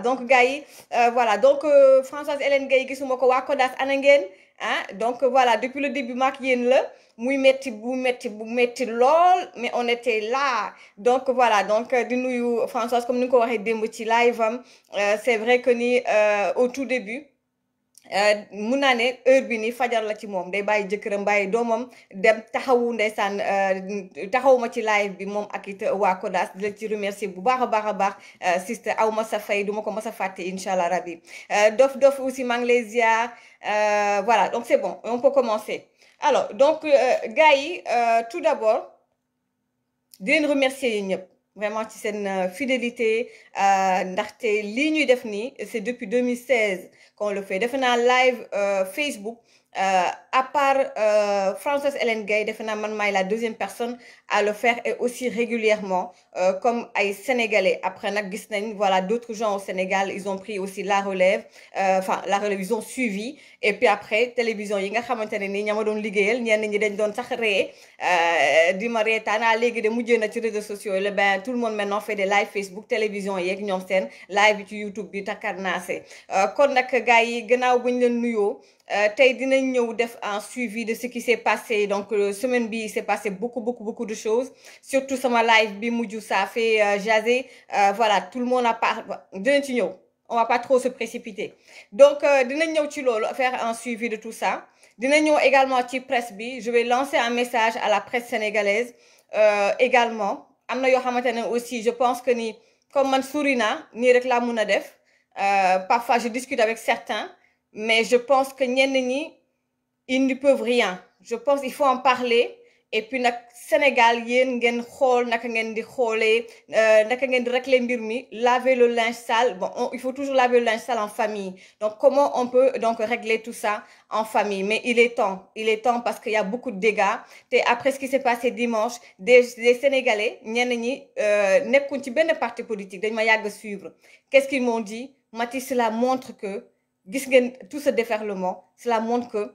donc Gaï, euh, voilà donc euh, Françoise Hélène gay qui sont waa Kodas ana ah. donc voilà depuis le début Marc Yenle, le muy metti bu metti bu metti lol, mais on était là donc voilà donc euh, di nuyu Françoise comme nous, nga ko ci live c'est vrai que ni au tout début. Euh, mun naa ne heure bi nii fajar la ci moom day bàyyi jëkkëram bàyyi doomam dem taxawu ndeysaan euh, taxaw ci live bi moom ak it waa Kodas di remercier bu baax a baax euh, sister aw ma sa fay du ma ko rabi dof dof aussi maa ngi ziar voilà donc c'est bon on peut commencer alors donc gars tout d'abord di leen remercier vraiment c'est une euh, fidélité euh, ndaxte li ñuy c'est depuis 2016 qu'on le fait defe un live euh, Facebook à part Frances Ellen Gay, man la deuxième personne à le faire et aussi régulièrement comme ay sénégalais après nak gis voilà d'autres gens au Sénégal ils ont pris aussi la relève enfin la relève ils ont suivi et puis après télévision yi nga xamante ni ñama doon liggéeyal ñen ñi dañ doon sax ree euh, di ma rétana ah, légui de mujjé na ci réseaux sociaux le ben tout le monde maintenant fait des live Facebook télévision ak ñom sen live ci YouTube bi euh kon nak gaay yi gënaaw buñ leen nuyoo euh, tey dinañ ñëw def un suivi de ce qui s'est passé donc euh, semaine bi s'est passé beaucoup beaucoup beaucoup de choses surtout sur ma live bi mujj ça fait jaser voilà tout le monde a parlé. de ci ñëw on va pas trop se précipiter donc je euh, vais faire un suivi de tout ça Nous également ci presse je vais lancer un message à la presse sénégalaise euh, également aussi je pense que ni comme Mansourina euh, parfois je discute avec certains mais je pense que ni ni ils ne peuvent rien je pense qu'il faut en parler et puis nak Sénégal yeen ngeen xol nak ngeen di euh, nak ngeen di régler mbir laver le linge sale bon il faut toujours laver le linge sale en famille donc comment on peut donc régler tout ça en famille mais il est temps il est temps parce qu'il y a beaucoup de dégâts et après ce qui s'est passé dimanche des Sénégalais ñenn ñi euh, nekkuñ ci parti politique dañ ma suivre qu'est-ce qu'ils m'ont dit Maty cela montre que tout ce déferlement cela montre que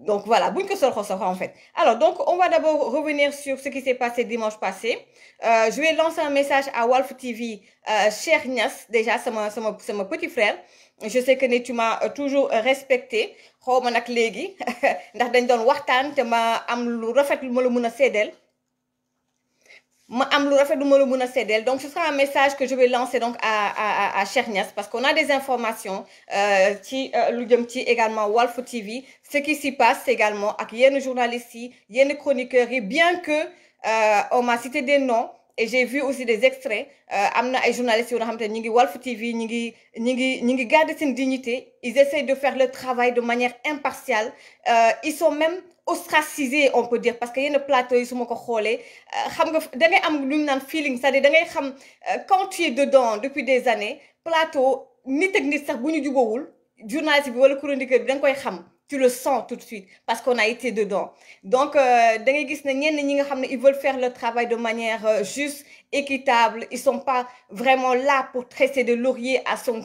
donc voilà, en fait. Alors donc on va d'abord revenir sur ce qui s'est passé dimanche passé. Euh, je vais lancer un message à Wolf TV, euh, cher Nias, déjà c'est mon, petit frère. Je sais que tu m'as euh, toujours euh, respecté. donc ce sera un message que je vais lancer donc à à à parce qu'on a des informations qui euh, euh, lu également Wolf TV ce qui s'y passe également y a yenn journalistes y a chroniqueurs et bien que euh, on m'a cité des noms et j'ai vu aussi des extraits euh journalistes ñi TV ñi ñi dignité ils essayent de faire le travail de manière impartiale ils sont même ostracisé on peut dire parce qu'il y a une plateau, ils sont encore xam nga da am lu feeling c'est-à-dire euh, quand tu es dedans depuis des années plateau ni technique, ni sax bu ñu journaliste bi wala chroniqueur bi da koy xam tu le sens tout de suite parce qu'on a été dedans donc euh, ils veulent faire le travail de manière euh, juste équitable ils sont pas vraiment là pour tresser de laurier à son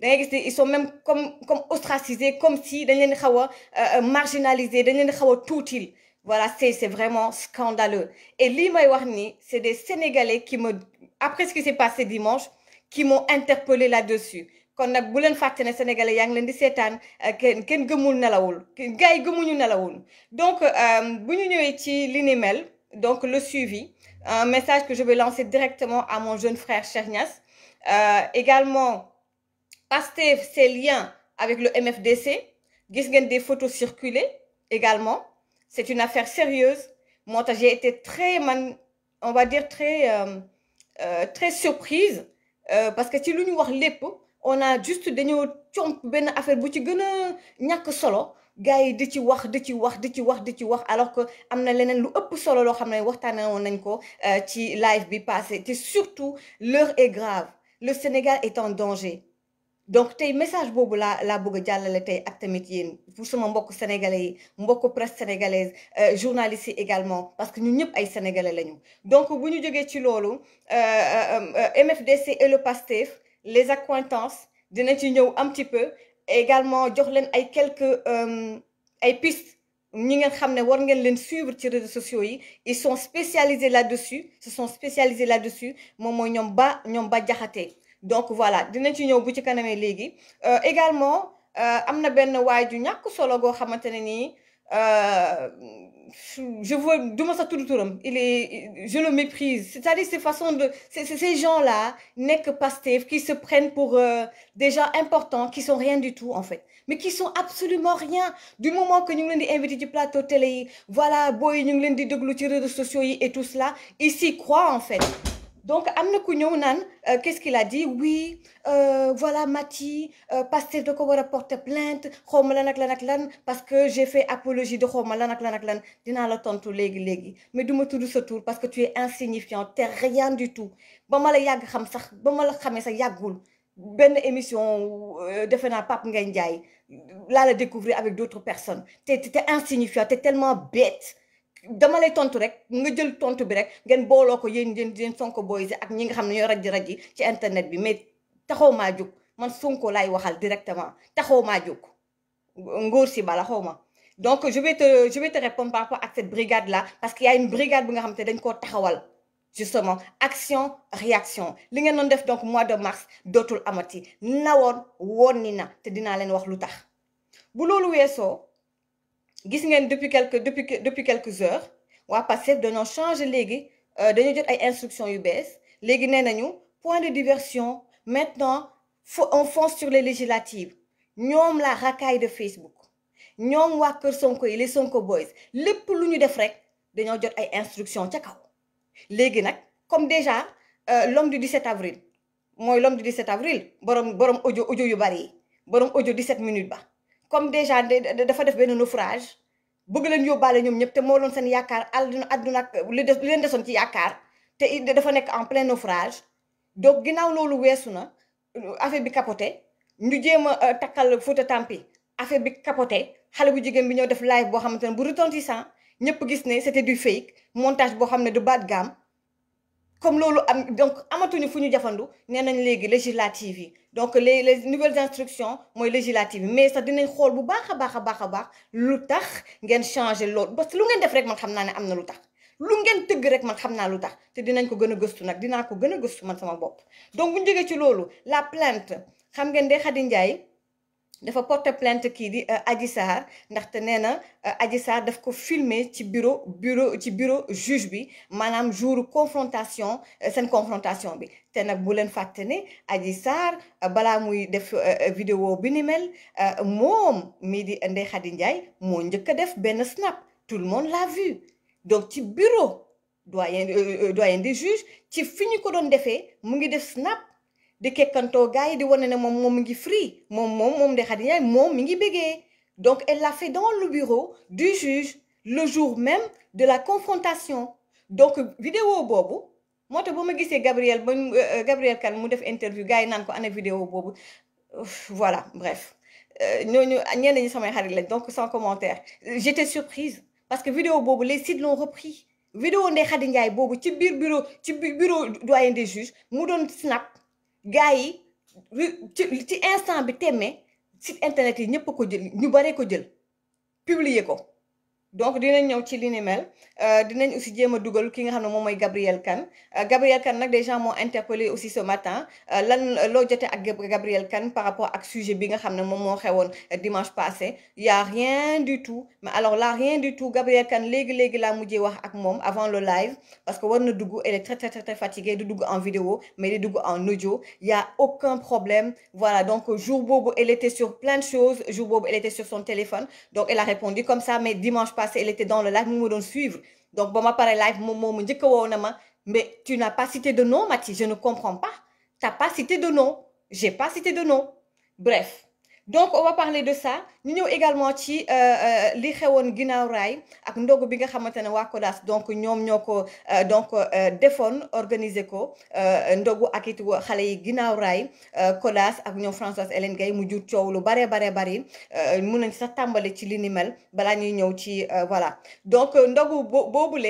da ils sont même comme ostracisés comme si ils sont euh, marginalisés dañ leen voilà c'est vraiment scandaleux et lii c'est des Sénégalais qui me après ce qui s'est passé dimanche qui m'ont interpellé là-dessus kon nag bu len fàtte ne sénégalais yaa len di sétane eh, ken kenn gëmul nelawul gars yi gëmuñu nelawul donc euh buñu ñëwé ci li ni mel donc le suivi un message que je vais lancer directement à mon jeune frère Chernias euh également Pastef ses liens avec le MFDC gis ngeen des photos circuler également c'est une affaire sérieuse Moi, j'ai été très on va dire très euh, euh, très surprise euh, parce que si lu wax lepp on a juste dañu comp ben affaire bu ci gëna ñak solo gaay di ci wax di ci wax di ci wax di ci wax alors que amna leneen lu ëpp solo lo xam ne waxtaanee woon nañ ko euh, ci live bi passé te surtout l'heure est grave le Sénégal est en danger donc tay message bobu la la bëgg a tay ak tamit yeen pour sama mbokk sénégalais mbokk presse sénégalaise euh, journalistes également parce que ñun ñëpp ay sénégalais lañu donc bu ñu jógee ci euh, euh MFDC et le PASTEF les accointances dina ci ñëw un petit peu également jox leen ay quelques euh, ay pistes ñi ngeen xam ne war ngeen leen suivre ci réseaux sociaux yi ils sont spécialisés là-dessus se sont spécialisés là-dessus moom mooy ñoom ba ñoom ba jaxatee donc voilà dinañ ci ñëw bu ci kanamee léegi euh, également euh, am na benn waay ju ñàkk solo goo xamante ne euh, je vois, ça tout le est, je le méprise. C'est-à-dire ces façons de, ces, gens-là, n'est que steve qui se prennent pour euh, des gens importants, qui sont rien du tout en fait, mais qui sont absolument rien. Du moment que nous les invité du plateau télé, voilà, boy, nous les de de sociaux et tout cela, ils s'y croient en fait donc Amna euh, qu'est-ce qu'il a dit oui euh, voilà Mati, euh, Pastef de ko war a porter plainte xaw ak parce que j'ai fait apologie de xaw ma lan ak lan la tontu mais du me tout sa tour parce que tu es insignifiant t'es rien du tout Bon ma la yàgg xam sax ba la xamee sax ben, émission defe naa Pape Ngagne Là la découvrir avec d'autres personnes t'es t'es insignifiant t'es tellement bête dama lay tontu rek nga jël tontu bi rek ngeen booloo ko yéen yéen yéen Sonko boys ak ñi nga xam ne ñoo rajji rajji ci internet bi mais taxaw maa jóg man Sonko lay waxal directement taxaw maa jóg ngóor si bala xaw donc je vais te je vais te répondre par rapport ak cette brigade là parce qu'il y a une brigade bi nga xam te dañ ko taxawal justement action réaction li ngeen non def donc mois de mars dootul amati nawoon woon ni na te dinaa leen wax lu tax bu loolu weesoo gis ngeen depuis quelques depuis depuis quelques heures waa passé dañoo légui euh dañu jot ay instructions yu bees légui nee point de diversion maintenant on fonce sur les législatives ñom la racaille de Facebook ñom wa Kër Sonko yi les Sonko boys lepp luñu def rek dañoo jot ay instructions ci kaw. légui comme déjà euh, l'homme du 17 avril moy l'homme du 17 avril borom borom audio audio yu bari borom audio 17 minutes ba comme déjà dafa def benn naufrage bëgg leen yóbbaale ñoom ñëpp te moo doon seen yaakaar àdduna àdduna li des li leen desoon ci yaakaar te dafa nekk en plein naufrage donc ginnaaw loolu weesu na affaire bi capoté ñu jéem a euh, takkal Fouta Tampi affaire bi capoté xale bu jigéen bi ñoo def live boo xamante ne bu retentissant ñëpp gis ne c'était du fake montage boo xam ne de bas gamme comme loolu am donc amatuñu fu ñu jafandu nee nañ léegi législative yi donc les les nouvelles instructions mooy législatives. mais ça dinañ xool bu baax a baax a baax a baax changer l'autre. parce que lu ngeen def rek man xam naa ne am na lu tax lu ngeen tëgg rek man xam naa lu tax te dinañ ko gën a gëstu nag dinaa ko gën a gëstu man sama bopp donc bu ñu jógee ci loolu la plainte xam ngeen Ndeye Khady Ndiaye dafa porter plainte kii di euh, Adji Sarr ndaxte nee na euh, Adji Sarr daf ko filmer ci bureau bureau ci bureau juge bi maanaam jour confrontation euh, seen confrontation bi te nag bu leen fàtte ne Adji Sarr balaa muy def vidéo bi ni mel moom mii di Ndeye Khady Ndiaye moo njëkk a def benn snap tout le monde l'a vu donc ci bureau doyen doyen des juges ci fi ñu ko doon defee mu ngi def snap de kekkantoo gars yi di woné né mom moom ngi free mom mom mom Ndeye Khady mom mi ngi bëggee donc elle l'a fait dans le bureau du juge le jour même de la confrontation donc vidéo bobu moo bama gissé Gabriel ba euh, euh, Gabriel Kane mu def interview gay yi naan ko ana vidéo bobu voilà bref euh, ñooñu ñenn ñi samay xarit lañ donc sans commentaire j'étais surprise parce que vidéo bobo, les sites l'ont repris vidéo on est Ndiaye ci biir bureau ci bureau doyen des juges mu snap gars yi ci instant bi témé site internet yi ñëpp ko jël ñu bare ko jël publier ko donc dinañ ñëw ci li ni mel euh, dinañ aussi jéem duggal ki nga xamne mom moy Gabriel Kane euh, Gabriel Kane des déjà m'ont interpellé aussi ce matin euh, lan lo jotté ak Gabriel Kane par rapport ak sujet bi nga xamne mom mo dimanche passé Il y a rien du tout mais alors là rien du tout Gabriel Kane légui légui la mujjé wax ak mom avant le live parce que warna duggu elle est très très très fatiguée du duggu en vidéo mais elle duggu en audio Il y a aucun problème voilà donc jour bobo, elle était sur plein de choses jour bobo, elle était sur son téléphone donc elle a répondu comme ça mais dimanche passé elle était dans le live nous nous suivre donc bon, ma live mais tu n'as pas cité de nom Mathis. je ne comprends pas n'as pas cité de nom j'ai pas cité de nom bref donc on va parler de ça ñu ñëw également ci euh, euh, li de ginaaw raay ak ndogu bi nga xamantene wa colas donc ñom ñoko euh, donc organiser ko ndogu xalé yi ginaaw raay ak ñom Françoise Hélène Gaye mu jur ciow lu bare baree nañ nous ci li mel ci voilà donc ndogu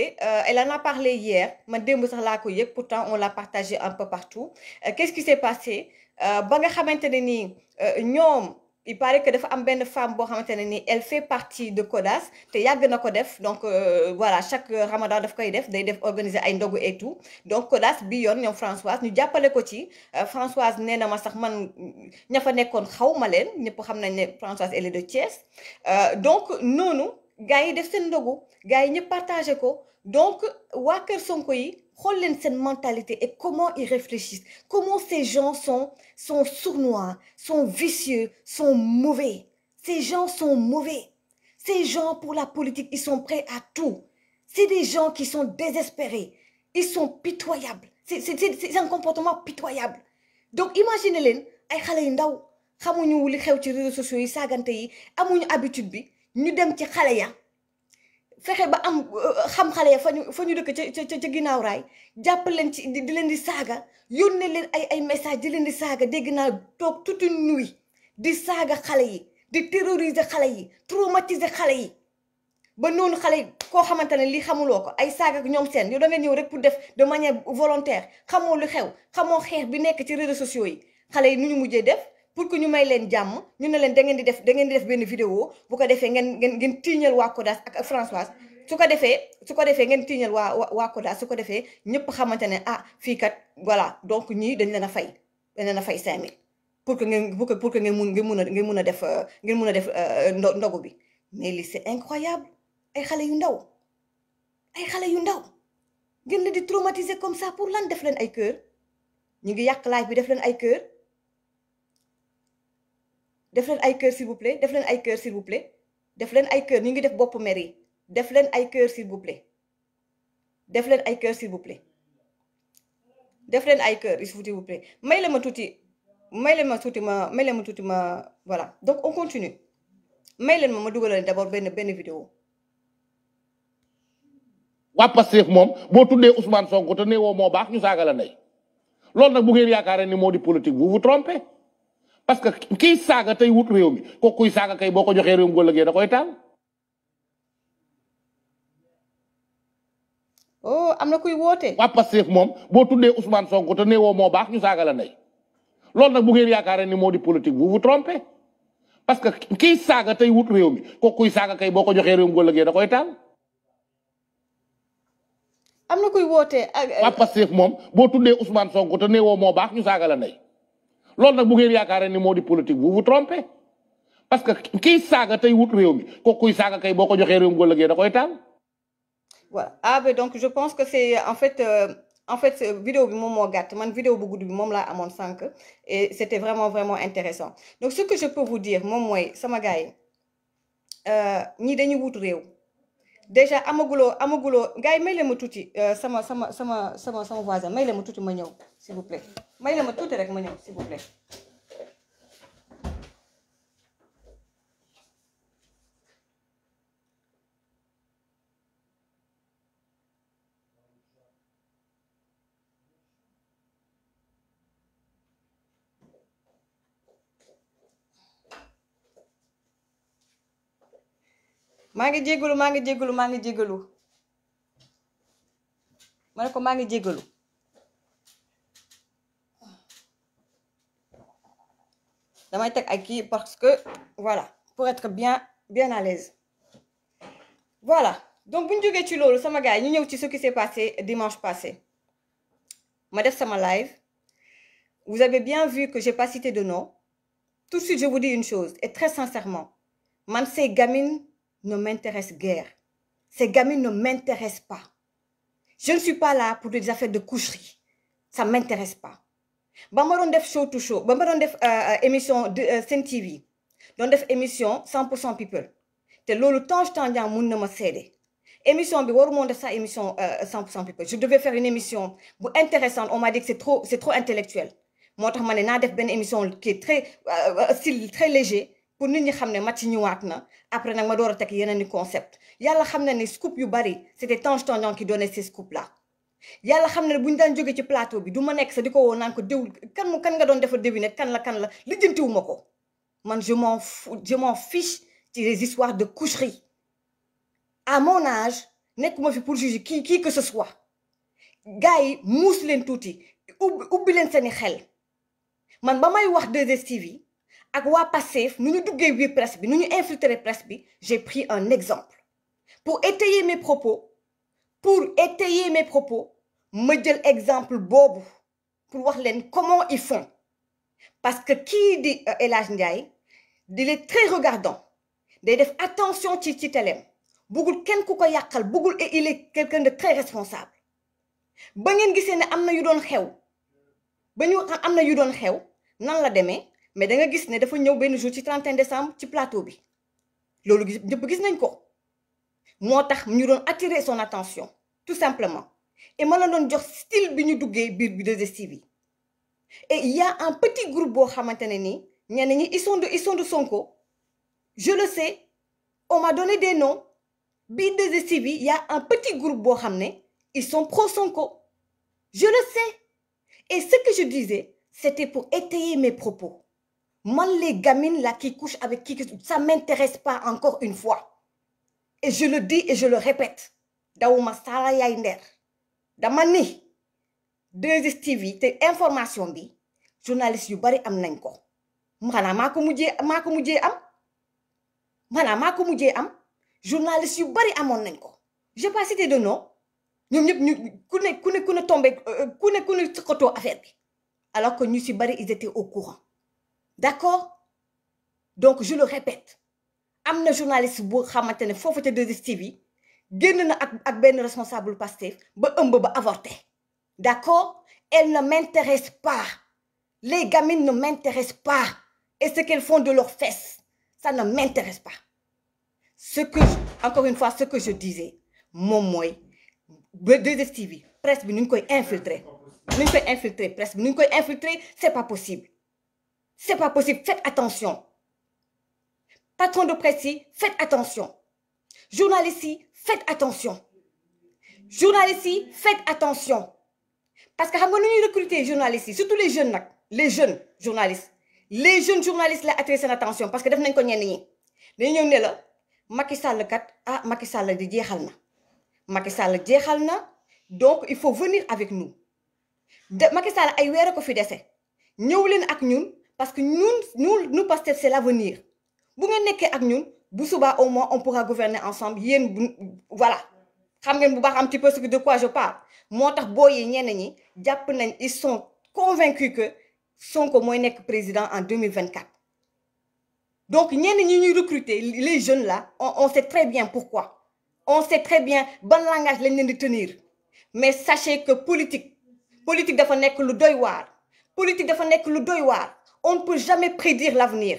elle en a parlé hier ma demb sax la ko pourtant on l'a partagé un peu partout qu'est-ce qui s'est passé ba nga il paraît que dafa am une femme bo elle fait partie de CODAS def donc euh, voilà chaque euh, ramadan daf koy def day def organiser ay ndogu et tout donc CODAS bi Françoise ñu jappalé ko ci euh, Françoise néna ma sax man ña Françoise elle est de Thiès donc nous, nous, def ndogu donc wa Kër c'est cette mentalité et comment ils réfléchissent comment ces gens sont sont sournois sont vicieux sont mauvais ces gens sont mauvais ces gens pour la politique ils sont prêts à tout c'est des gens qui sont désespérés ils sont pitoyables c'est un comportement pitoyable donc imaginez les réseaux fexe ba am euh, xam xalé dëkk te, ci raay jappal ci di di ay ay message di di saga. dégg toute une nuit di saga, xalé yi di terroriser xalé yi traumatiser xalé yi ba noonu xalé ko li ay saga ñoom seen yow de manière volontaire xamoo lu xew xamoo bi ci réseaux sociaux yi pour que ñu may leen jàmm ñu ne leen da ngeen di def da ngeen di def ben vidéo bu ko défé ngeen ngeen ngeen wa waa Kodas ak Françoise su ko défé su ko défé ngeen tiiñal wa waa Kodas su ko défé ñepp xamantene ah fi kat voilà donc ñi dañ leena fay dañ leen fay 5000 pour que ngeen pour que pour que ngeen mëna ngeen mëna ngeen mun def euh, ngeen mëna def euh, ndogu bi mais li c'est incroyable ay xalé yu ndaw ay xalé yu ndaw ngeen leen di traumatiser comme ça pour lan def len ay cœur ñi ngi yak live bi def len ay cœur def leen ay cœur s'il vous plaît def leen ay cœur s'il vous plaît def ay cœur ñu ngi def bop mer def ay cœur s'il vous plaît def leen ay cœur s'il vous plaît def leen ay cœur s'il vous plaît may la ma tuuti may ma tuuti ma ma voilà donc on continue may ma ma d'abord une bonne vidéo Wa Pastef mom bo tuddee Ousmane Sonko te néwo mo baax ñu sagala la Lool nak bu ngeen yaakaaré ni modi politique vous vous trompez parce que kii saaga tey wut réew mi ko kuy saaga kay boo ko joxee réew mi góorlëgee da koy taal. oh na kuy woote. waa Pastef moom boo tuddee Ousmane Sonko te néewoo moo baax ñu saaga la ndey loolu nag bu ngeen yaakaaree ni moo di politique vous vous trompez parce que kii saaga tey wut réew mi ko kuy saaga kay boo ko joxee réew mi góorlëgee da koy taal. am na kuy wootee ak. waa Pastef moom boo tuddee Ousmane Sonko te néewoo moo baax ñu saaga la ndey loolu nak bu ngeen yaakaaree ni modi politique vous vous trompez parce que kii saga tay wut rewmi ko kuy saga kay boko joxe rew ngol mi da koy tal voilà ah ben donc je pense que c'est en fait. Euh... en fait vidéo bi moom moo gàtt man vidéo bu gudd bi mom la amone sank et c'était vraiment vraiment intéressant donc ce que je peux vous dire moom mooy sama gars euh ñii dañu wut rew déjà amagulo amagulo gars yi may ma tuuti euh, sama sama sama sama sama voisin may leen ma tuuti ma ñëw s'il vous plaît may la ma tuuti rek ma ñëw s'il vous plaît maa ngi jégalu maa ngi jégalu maa ko mangi ngi damay parce que voilà pour être bien bien à l'aise voilà donc bonjour, que tu ci ça sama gars ce qui s'est passé dimanche passé ma live vous avez bien vu que j'ai pas cité de nom tout de suite je vous dis une chose et très sincèrement même ces gamines ne m'intéressent guère ces gamines ne m'intéressent pas je ne suis pas là pour des affaires de coucherie ça m'intéresse pas ba def show to show ba euh, euh, émission de euh, Sen TV def émission 100 people te loolu Tange Tandian moun na ma seede émission bi waru moon def ça émission 100 people je devais faire une émission bu intéressante on m'a dit que c'est trop c'est trop intellectuel Moi, tax ma def ben émission qui est très style très léger pour nous, ñi xam ne match ñëwaat na après nous ma door a teg yeneen concept Yalla xam na ne scoop yu bari c'était Tange Tandian qui donnait ces scoops là yalla xam ne buñu daan jóge ci plateau bi du nek sa diko won nan ko déwul kan mo kan nga don defar devinette kan la kan la lijjantiwu ma man je m'en je m'en fiche ci les histoires de coucherie à mon âge nekkuma fi pour juger qui qui que ce soit gay yi muus leen tuuti ubbi ubbi leen seeni xel man bamay wax 2STV yi ak wa Pastef nuñu duggé duggee presse bi nuñu infiltrer presse bi j'ai pris un exemple pour étayer mes propos pour étayer mes propos je jël exemple pour voir comment ils font parce que qui dit est Ndiaye il est très regardant attention ci ci fait Ken ko il est quelqu'un de très responsable ba ngeen voyez ne y a yu nan la mais da nga 31 décembre ci plateau bi ce très voit. nañ ko attirer son attention tout simplement et jox style et il y a un petit groupe qui ils sont de ils sont de Sonko je le sais on m'a donné des noms bir de il y a un petit groupe qui xamné ils sont pro Sonko je le sais et ce que je disais c'était pour étayer mes propos man les gamines là qui couchent avec qui ça m'intéresse pas encore une fois et je le dis et je le répète dawuma sala yaay dama ni deux stv yi te information bi journaliste yu bari am nañ ko maanaam mako mujjé mako mujjé am maanaam mako mujjé am journaliste yu bari amoon nañ ko je pas cité de nom ñom ñep ku ne ku ne ku ne tomber euh, ku ne ku ne tëkkatoo affaire bi alors que ñu ci bari ils étaient au courant d'accord donc je le répète amna journaliste bu xamantene fofu foofu te 2STV yi génn na ak responsable pasteur ba Un ba avorté d'accord elle ne m'intéresse pas les gamines ne m'intéressent pas et ce qu'elles font de leurs fesses ça ne m'intéresse pas ce que encore une fois ce que je disais mon moi, ba TV, presque presse bi nous ñu koy infiltrer nous nous infiltrer presse nous infiltrer c'est pas possible c'est pas possible faites attention patron de presse faites attention Journaliste, faites attention journalistes faites attention parce que quand nous, nu les journalistes surtout les jeunes les jeunes journalistes les jeunes journalistes là, attirer attention parce que def nañ ko ñenn ñi dañu ñëw ne la Macky Sall kat ah Macky Sall di jéxal na Macky Sall na donc il faut venir avec nous de Macky Sall ay weer ko fi déssé ñew leen ak ñun parce que ñun nous, nous nous. c'est l'avenir bu nga êtes ak ñun bu au moins on pourra gouverner ensemble voilà Je ngeen un petit peu ce de quoi je parle ils sont convaincus que Sonko mooy président en 2024 donc nous, ñi les jeunes là on sait très bien pourquoi on sait très bien bon langage les de tenir mais sachez que politique politique de nekk lu politique dafa lu on ne peut jamais prédire l'avenir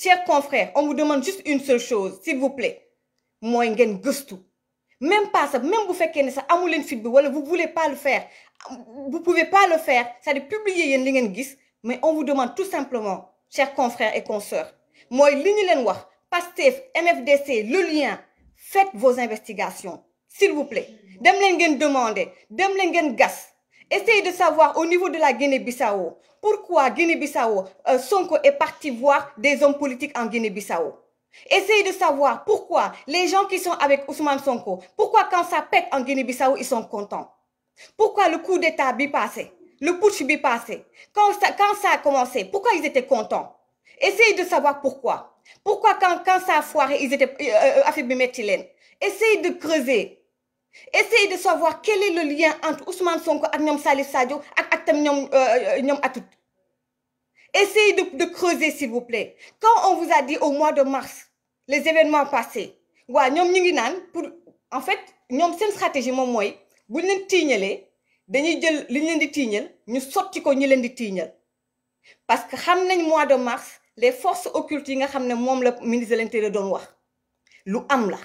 Chers confrères, on vous demande juste une seule chose, s'il vous plaît. Moi, je gëstu même pas ça même vous faites ne vous voulez pas le faire vous pouvez pas le faire Ça de publier une li mais on vous demande tout simplement chers confrères et consoeurs moi, ligne Pastef MFDC le lien faites vos investigations s'il vous plaît dem essayez de savoir au niveau de la Guinée-Bissau pourquoi Guinée-Bissau, euh, Sonko est parti voir des hommes politiques en Guinée-Bissau. Essayez de savoir pourquoi les gens qui sont avec Ousmane Sonko, pourquoi quand ça pète en Guinée-Bissau, ils sont contents. Pourquoi le coup d'État passé le putsch bipassé, quand ça, quand ça a commencé, pourquoi ils étaient contents. Essayez de savoir pourquoi. Pourquoi quand, ça a foiré, ils étaient euh, euh affaiblis Essayez de creuser. Essayez de savoir quel est le lien entre Ousmane Sonko et Salif Sadio et ak euh, euh, essayez de creuser s'il vous plaît quand on vous a dit au mois de mars les événements passés pour en fait c'est une stratégie pour nous buñ leen nous dañuy jël li parce que xam mois de mars les forces occultes yi nga ministre de l'intérieur de wax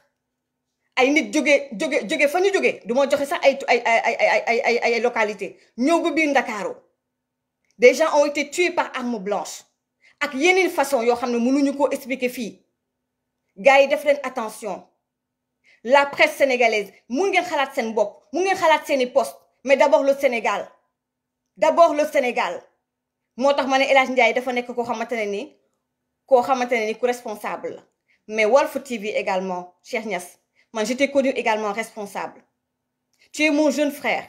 ay nit jóge jóge jóge fa ñu jóge du ma joxe sax ay ay ay ay ay ay localité ñëw ba biir Ndakaaru des gens ont été tués par armes blanches. ak yeneen façon yoo xam ne mënuñu koo expliquer fii gars yi def leen attention la presse sénégalaise mun ngeen xalaat seen bopp mun ngeen xalaat seeni poste mais d'abord le Sénégal d'abord le Sénégal moo tax ma ne El Hadj Ndiaye dafa nekk koo xamante ne ni koo responsable mais Walf TV également Cheikh Niass moi, je t'ai connu également responsable. Tu es mon jeune frère.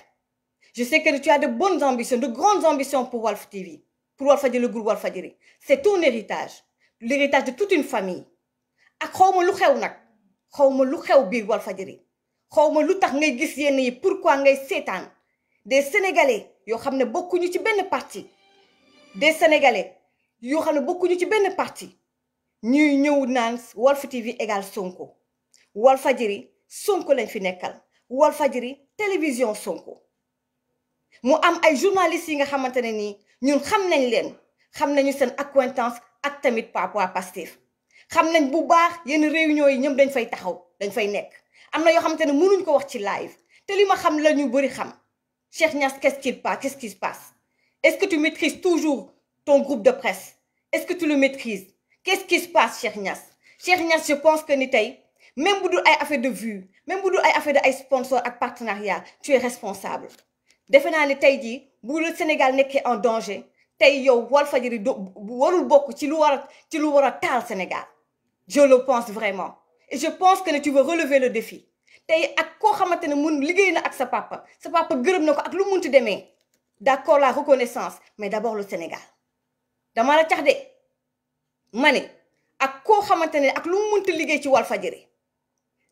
Je sais que tu as de bonnes ambitions, de grandes ambitions pour Wolf TV, pour Wolf le groupe Wolf C'est ton héritage, l'héritage de toute une famille. ak ah, xaw ma lu xew nag xaw ma lu xew biir Walfadjri xaw lu tax ngay gis yene yi pourquoi ngay sétane. des sénégalais yo xamné ne bokkuñu ci ben parti des sénégalais yo xam ne bokkuñu ci ben parti ñuy ñëw naan Walf TV égal Sonko. Fadjiri, Sonko lañ fi nekkal Fadjiri, télévision Sonko mu am ay journalistes yi nga xamante ne nii ñun xam nañ leen xam nañu sen acquaintance ak tamit papa Pastef xam nañ bu baax réunion yi dañ fay taxaw dañ fay nekk am na yoo ne mënuñ ko wax live Teli ma xam bëri xam Cheikh qu'est-ce qu'il passe qu'est-ce qui se passe est-ce que tu maîtrises toujours ton groupe de presse est-ce que tu le maîtrises qu'est-ce qui se passe Cheikh Niass Cheikh Niass je pense que ni même bu dul ay affaire de vue même bu dul ay affaire de ay sponsor et partenariat tu es responsable defe naa ne tey le Sénégal nekkee en danger tey yow Walfadjri do warul bokk ci lu war a ci lu war Sénégal je le pense vraiment et je pense que tu veux relever le défi tey ak koo tu ne mun liggéey na ak sa papa sa papa gërëm na ko ak lu munti demee d'accord la reconnaissance mais d'abord le Sénégal dama la cax de À quoi ak koo xamante ne ak lu munti liggéey ci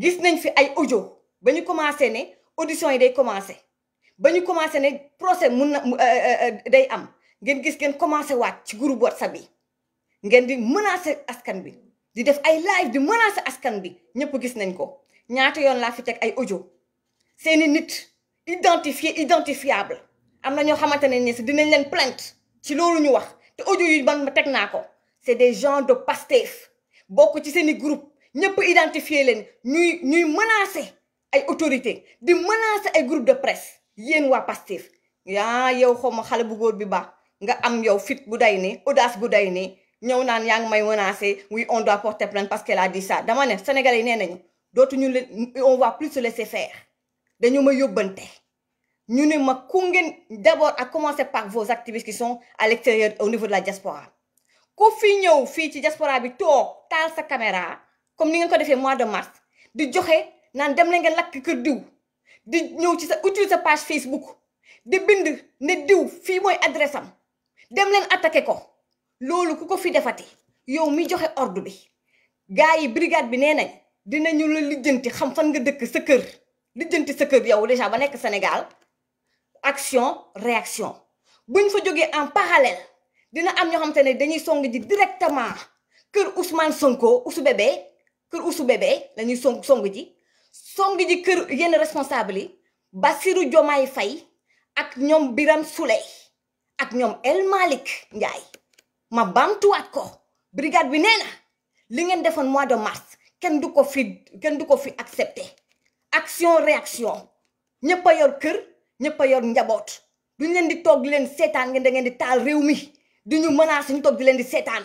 gis nañ fi ay audio bañu commencé audition yi day commencé bañu commencé procès mun na euh, euh, euh, day am ngeen gis ngeen commencé waat ci groupe WhatsApp bi ngeen di menacer askan bi di def ay live di menacer askan bi ñëpp gis nañ ko ñaata yoon la fi ay audio nit identifié identifiable am na ñoo ni dinañ leen plainte ci loolu ñu wax te audio c'est des gens de Pastef Beaucoup ci ces groupe ñëpp identifier leen ñuy ñuy menacer ay autorités di menacer ay groupe de presse yeen wa Pastef ya yow xaw ma bu goor bi ba nga am yow fit bu day ne audace bu day ne ñew naan ya ngi may menacer oui on doit porter plainte parce qu'elle a dit ça dama ne sénégalais yi nee nañu on va plus se laisser faire dañu ma yobanté ñu ne ma ku d'abord à commencer par vos activistes qui sont à l'extérieur au niveau de la diaspora ko fi ñew fi ci diaspora bi toog tal sa caméra comme ni ngeen ko defee mois de mars di joxe naan dem la ngeen lakk kër diw di ñëw ci sa utiliser sa page Facebook di bind ne diw fii mooy adresse am dem leen attaqué ko loolu ku ko fi defati yow mi joxe ordre bi gars yi brigade bi nee nañ dinañu la lijjanti xam fan nga dëkk sa kër lijjanti sa kër yow déjà ba nekk Sénégal action réaction buñ fa jógee en parallèle dina am ñoo xam te ne dañuy song ji directement kër Ousmane Sonko Ousou Bébé kër Ousou Bébé la ñuy song song ji song ji kër yenn responsable yi Bassirou Diomaye fay ak ñoom Birame Souley ak ñoom El Malick Ndiaye ma bamtuwaat ko brigade bi nee na li ngeen defoon mois de mars kenn du ko fi kenn du ko fi accepté action réaction ñëpp a yor kër ñëpp a yor njaboot duñ leen di toog leen seetaan ngeen da ngeen di taal réew mi duñu menace ñu toog di leen di seetaan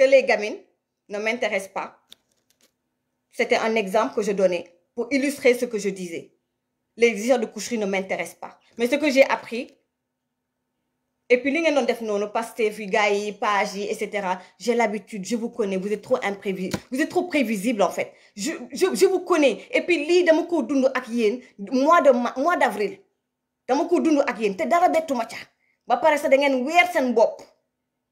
que les gamines ne m'intéressent pas. C'était un exemple que je donnais pour illustrer ce que je disais. Les désirs de coucherie ne m'intéressent pas. Mais ce que j'ai appris, et puis li ngeen doon def noonu Pastef yi etc. j'ai l'habitude je vous connais vous êtes trop imprévisible vous êtes trop prévisible en fait je vous connais et puis lii dama ko dund ak mois de mois d'avril dama ko dund ak yéen te dara bettuma ca ba pare sax da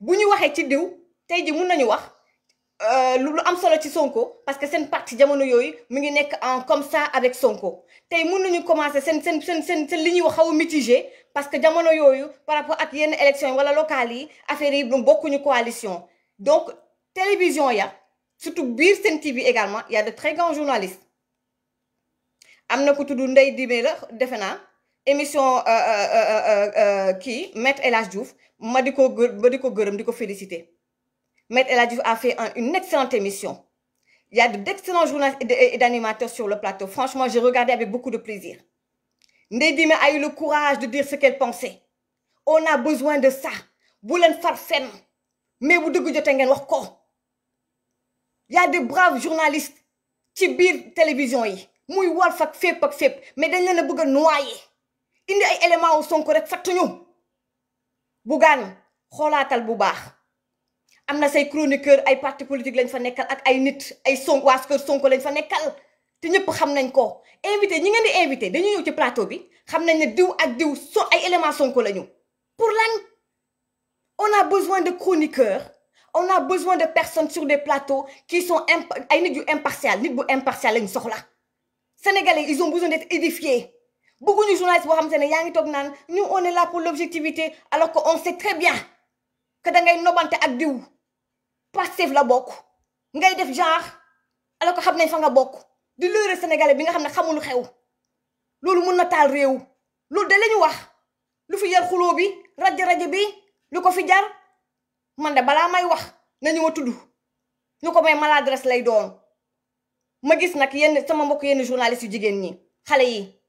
buñu waxé ci diw tay ji mun nañu wax euh, lu am solo ci Sonko parce que sen parti jamono yooyu mu ngi nekk en comme ça avec Sonko tay mun nañu commencer sen sen seen seen seen li wax xaw mitigé parce que jamono yooyu par rapport à yenn élection wala locale yi affaire yi bokku ñu coalition donc télévision ya surtout bir sen TV également y a de très grands journalistes amna ko tuddu ndey Ndeye Dibé la defe émission qui euh, euh, euh, maître El Hadj Diouf ma di féliciter maître El a fait une excellente émission il y a d'excellents journalistes et animateurs sur le plateau franchement j'ai regardé avec beaucoup de plaisir Nedime a eu le courage de dire ce qu'elle pensait on a besoin de ça Il mais y a de braves journalistes ci la télévision yi muy wolf ak fep ak mais dañ ne bëgg indi ay élément wu Sonko rek fattuñu Bougane xoolaatal bu baax am na say chroniqueur ay parti politique lañ fa nekkal ak ay nit ay son waa kër Sonko lañ fa nekkal te ñëpp xam nañ ko invité ñi ngeen di invité dañu ñëw ci plateau bi xam nañ ne diw ak diw so ay élément Sonko lañu pour lan on a besoin de chroniqueurs on a besoin de personnes sur des plateaux qui sont imp ay nit yu impartial nit bu impartial lañu soxla sénégalais ils ont besoin d'être édifiés Beaucoup de journalistes on est là pour l'objectivité alors qu'on sait très bien que da ngay nobante ak diw la bokk genre alors que vous fa nga bokk di sénégalais bi nga qui ne xamul xew Nous sommes taal réew da lañu wax bi bi fi jar man may wax nañu tudd maladresse lay doon ma gis sommes yenn sama yenn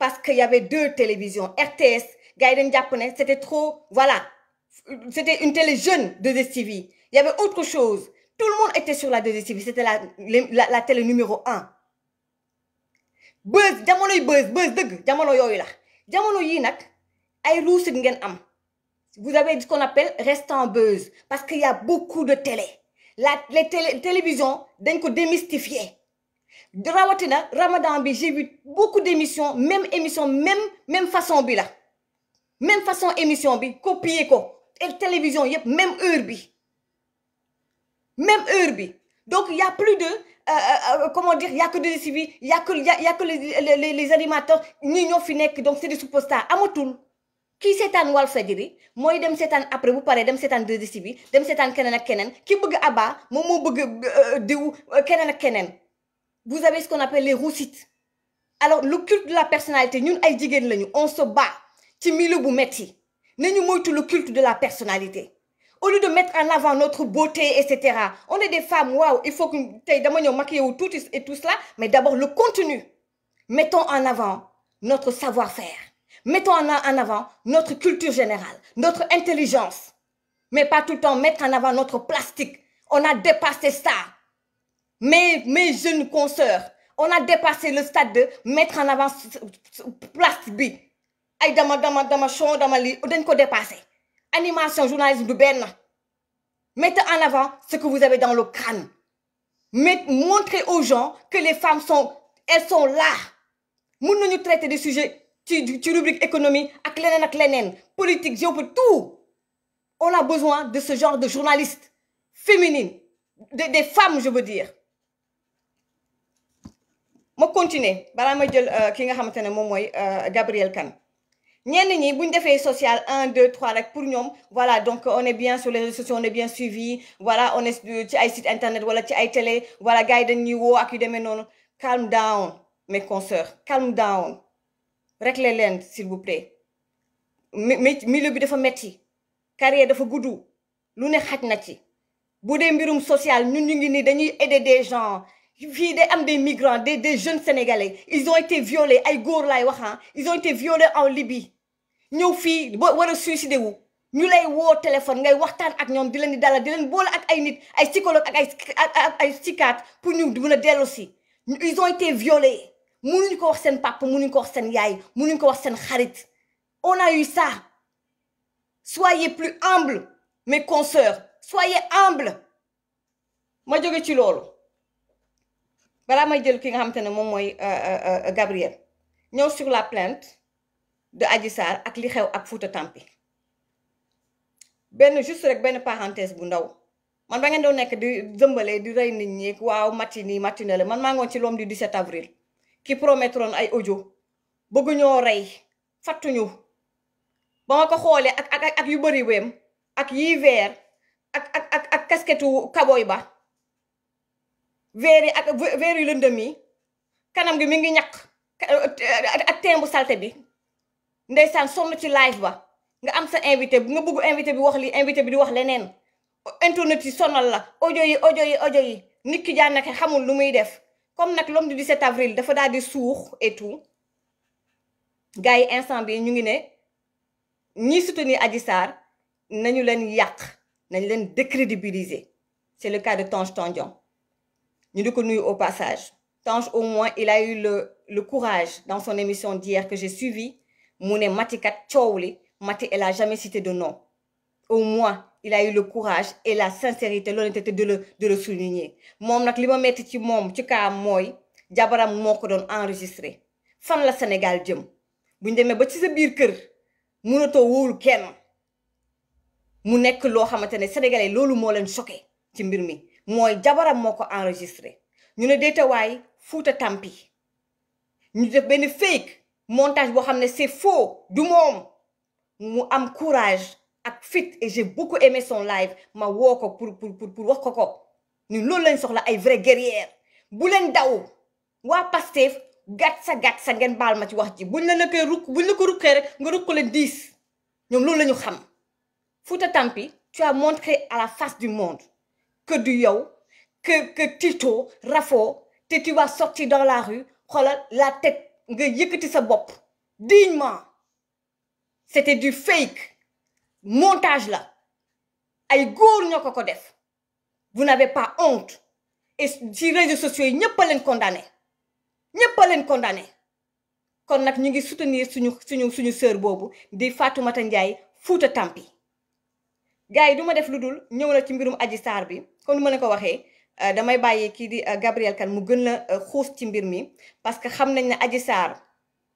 parce qu'il y avait deux télévisions. RTS, Gaiden Japonais, c'était trop, voilà. C'était une télé jeune de DSTV. Il y avait autre chose. Tout le monde était sur la 2 C'était la, la, télé numéro 1. Buzz, jamono buzz, buzz jamono yoy la. Jamono yi nak am. Vous avez ce qu'on appelle restant buzz parce qu'il y a beaucoup de télé. La les télé, télévision d'un coup rawatina Ramadan bi j'ai vu beaucoup d'émissions même émission même même façon bi la même façon émission bi copier ko et télévision yëpp même heure bi même heure bi donc il y a plus de euh, euh, euh comment dire il y a que des civils il y a que il y a, y a que les, les, les animateurs ñi ñoo fi donc c'est des superstars amatul kii seetaan Walfadjri mooy dem seetaan après bu un dem seetaan 2STV bi dem seetaan keneen ak keneen ki bëgg Abba moom moo bëgg euh, diw keneen ak Kenan vous avez ce qu'on appelle les roussites alors le culte de la personnalité ñun on se bat ci le culte de la personnalité au lieu de mettre en avant notre beauté etc. on est des femmes waouh, il faut que nous dama et tout cela mais d'abord le contenu mettons en avant notre savoir-faire mettons en avant notre culture générale notre intelligence mais pas tout le temps mettre en avant notre plastique on a dépassé ça mes, mes jeunes consoeurs, on a dépassé le stade de mettre en avant plastique Dans ma dans ma chambre dans ma lit, on a dépassé animation journalisme de ben, mettez en avant ce que vous avez dans le crâne montrez aux gens que les femmes sont elles sont là Nous pas traiter des sujets tu, tu rubrique économie ak leneen ak politique géopolitique tout on a besoin de ce genre de journalistes féminines des femmes je veux dire ma continuer balaa ma jël euh, ki nga xamante ne moom euh, Gabriel Kane ñenn ñi bu ñu defee social 1 2 3 rek pour ñoom voilà donc on est bien sur les réseaux sociaux on est bien suivi voilà on est ci ay site internet wala ci ay télé voilà gars yi dañuy woo ak yu demee noonu calm down mes consoeurs calm down réglez leen s'il vous plaît milieu bi dafa metti carrière dafa gudd lu ne xaj na ci bu dee mbirum social ñun ñu ngi dañuy aider des gens fii day am des migrants des des jeunes sénégalais ils ont été violés ay góor laay wax ah. ils ont été violés en Libye ñëw fii ba war a suicidé wu ñu lay woo téléphone ngay waxtaan ak ñoom di leen di dalal di leen boole ak ay nit ay psychologue ak ay ak ay psychiatre pour ñu mën a dellu si ils ont été violés mënuñu ko wax seen papa mënuñu ko wax seen yaay mënuñu ko wax seen xarit on a eu ça soyez plus humble mes consoeurs soyez humble ma jóge ci loolu voilà may ki nga euh, euh, euh, Gabriel sur la plainte de Adji et ak li xew ak Fouta Tampi Ben, juste rek ben parenthèse bu ndaw man ba ngeen doon nekk di des di rey nit ñi matini matinée man du 17 avril Qui promettroon ay audio rey ba ma ak ak ak yi ak ak ak very, ak a kanam gi mi ngi euh, euh, bu salte bi ndaysan sonn ci live ba nga am sa invité nga bëgg invité bi wax li invité bi di wax leneen internet sonal la audio yi audio yi audio yi nit ki jaan xamul lu muy def comme nak l'homme du 17 avril dafa daal di sourds et tout gaay instant bi ñu ngi ñi soutenir nañu nañ décrédibiliser c'est le cas de Tange Tandian nous di connu au passage Tange au moins il a eu le le courage dans son émission d'hier que j'ai suivi mu Matikat Mati Maté, elle a jamais cité de nom au moins il a eu le courage et la sincérité l'honnêteté de le de le souligner Mom, nak, li ma metti ci moom ci kaam mooy jabaram moo enregistré fan la Sénégal djem. buñ me ba ci sa biir kër mënatoo wóolu kenn mu nekk loo xamante sénégalais lolou moo choqué ci moy jabaram moko enregistrer enregistré nous ne déetawaay Fouta tampi ñu def ben fake montage bo xamné c'est faux du mom mu am courage ak fit et j'ai beaucoup aimé son live ma woko pour pour pour pour wax ko nous sommes loolu lañ soxla ay guerrière bu len daw wa Pastef gàtt sa gàtt sa ngeen bal ma ci wax ci buñ la sommes ruk buñ la ko rek nga ruk tampi tu as montré à la face du monde que du yo, que que Tito Rafo tu vas sortir dans la rue la tête nga sa bop. dignement c'était du fake montage là. ay vous n'avez pas honte et les réseaux sociaux pas condamné ñëpp condamné nous soutenir gars yi def luddul dul na ci mbirum aji sar bi comme ni ma leen ko waxee euh, damay bàyyi ki di euh, Gabriel Kane mu gën la euh, xuus ci mbir mi parce que xamnañ nañ aji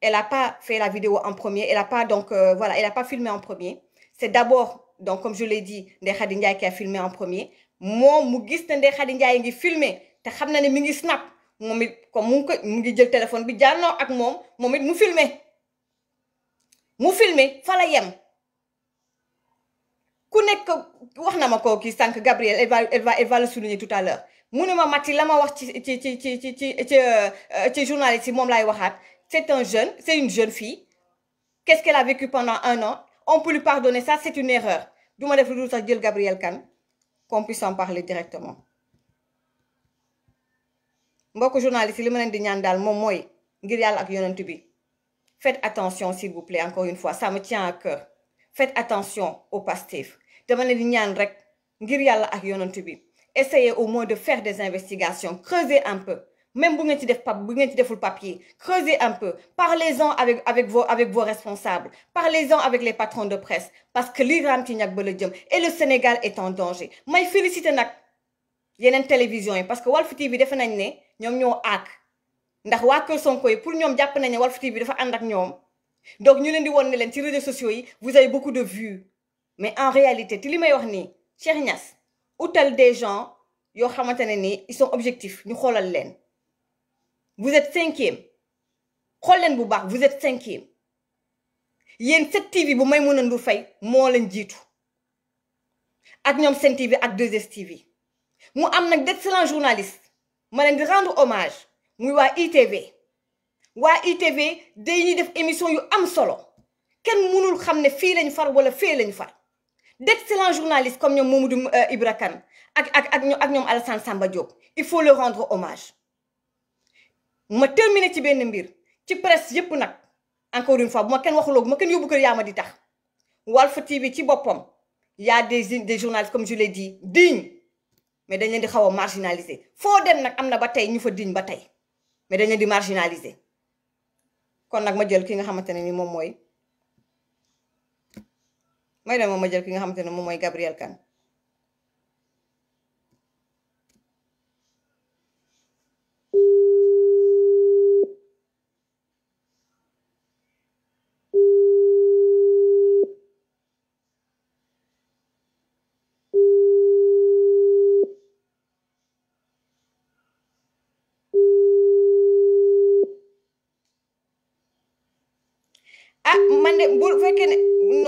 elle a pas fait la vidéo en premier elle a pas donc euh, voilà elle a pas filmé en premier c'est d'abord donc comme je l'ai dit Ndeye Khady Ndiaye qui a filmé en premier moom mu gis na Ndeye Khady Ndiaye ngi filmé te xam ni mi ngi snap momit comme mu ngi ko mu ngi jël téléphone bi janno ak mom momit mu filmé mu filmé fa la yem ku nekk wax ko Gabriel elle va elle va elle va le souligner tout à l'heure mu ne ma Maty ma wax ci ci ci ci ci ci ci euh, journaliste c'est un jeune c'est une jeune fille qu'est-ce qu'elle a vécu pendant un an on peut lui pardonner ça c'est une erreur du ma def lu sax jël Gabriel Kane qu'on puisse en parler directement Beaucoup journaliste yi li ma leen di ñaan daal moom mooy ngir ak faites attention s'il vous plaît encore une fois ça me tient à cœur faites attention au pastif dama leen di ñaan rek ngir yàlla ak yonent bi essayez au moins de faire des investigations creusez un peu même bu ngeen ci def pap bu ngeen ci deful papier creusez un peu parlez-en avec avec vos avec vos responsables parlez-en avec les patrons de presse parce que lii raam ci ñag ba la jëm et le Sénégal est en danger may félicité nag yeneen télévision yi parce que Walf TV bi defe nañ ne ñoom ñoo aak ndax waa Kër Sonko yi pour ñoom jàpp nañ ne Walf TV dafa ànd ak ñoom donc ñu leen di won ne leen ci réseaux sociaux yi vous avez beaucoup de vues mais en réalité ce que je wax cher des gens ils sont objectifs nous êtes leen vous êtes cinquième regardez leen vous êtes cinquième une 7TV bu Maimouna Ndour Faye moo ak TV ak 2STV mu am nag d'excellents journalistes Je rends hommage muy ITV ITV des def émission yu am solo ken mënul ne lañ far wala far d'excellents journalistes comme ñoom Mamadou euh, Ibra Kane ak ak ak Alassane Samba Diop il faut leur rendre hommage ma terminer ci benn mbir ci presse yépp nak encore une fois bu ma kenn waxuloo ma kenn yóbbu kër yama ma di tax walfa TV ci Il y a des des journalistes comme je l'ai dit digne mais dañ leen di xaw marginaliser fo dem nak amna ba tay ñu fa ba tay mais dañ leen di marginaliser kon nak ma jël ki nga xamanteni ni may dama ma jël ki nga xamante ne moom Gabriel Kane ah man de bu fekkee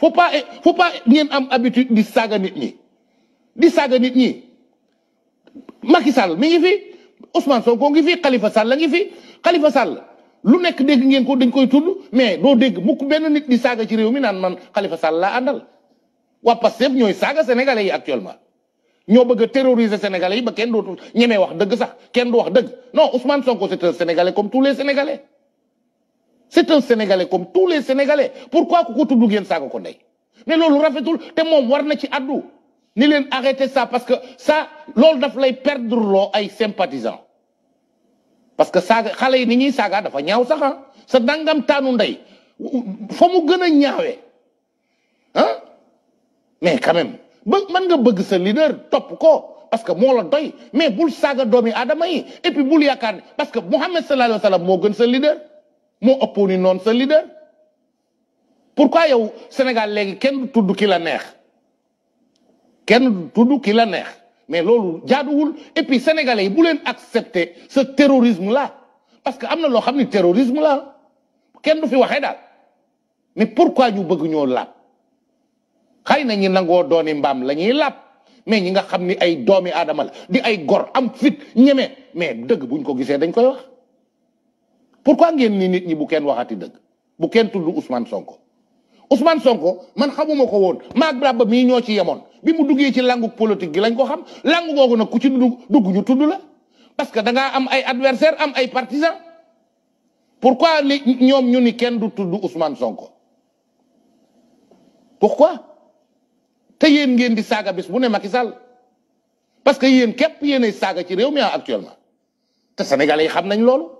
faut pas faut pas ngeen am habitude di saga nit ñi di saga nit ñi Macky Sall mi ngi fi Ousmane Sonko ngi fi Khalifa Sall ngi fi Khalifa Sall lu nekk dégg ngeen ko dañ koy tudd mais doo dégg mukk benn nit di saga ci rew mi nan man Khalifa Sall la andal wa Pastef ñoy saga sénégalais yi actuellement ñoo bëgg terroriser sénégalais yi ba kenn dootul ñemee wax dëgg sax kenn du wax dëgg non Ousmane Sonko c'est un sénégalais comme tous les sénégalais c'est un sénégalais comme tous les sénégalais pourquoi ku ko tudd ngeen saaga ko ndey mais loolu rafetul te moom war ci addu ni l'en arrêter ça parce que ça lolo daf lay perdre loo ay sympathisants parce que ça, xale yi ni Saga saaga dafa ñaaw sax ah. sa dangam tanou ndey fa mu gën Hein? mais quand même ba mën nga bëgg sa leader top ko parce que moi la doy mais bul Saga domi aadama et puis bul yaakaar parce que Mohamed sallallahu alayhi Wasallam mo moo sa leader mo ëppooni non sa leader pourquoi yow Sénégal légui kenn du tudd ki la neex kenn du tudd ki la neex mais loolu jaadoul et puis sénégalais yi bu len accepter ce terrorisme là parce que amna lo xamni terrorisme là kenn du fi waxé dal mais pourquoi ñu bëgg ñoo lap xayna ñi nango dooni mbam lañuy lap mais ñi nga xamni ay doomi adamal di ay gor am fit ñëmé mais dëgg buñ ko gisé dañ koy wax pourquoi ngeen ni nit ñi bu kenn waxati deug bu kenn tudd Ousmane Sonko Ousmane Sonko man xamuma ko woon maag Braba mi ñoo ci yemon bi mu duggé ci langue politique gi lañ ko xam langue googu ku ci dugg ñu tudd la parce que da nga am ay adversaire am ay partisan pourquoi ñom ñoom ñu ni kenn du tudd Ousmane Sonko pourquoi te yeen ngeen di saga bis bu ne Macky Sall parce que yéen képp yéenay saga ci réew mi actuellement te sénégalais xam nañ loolu.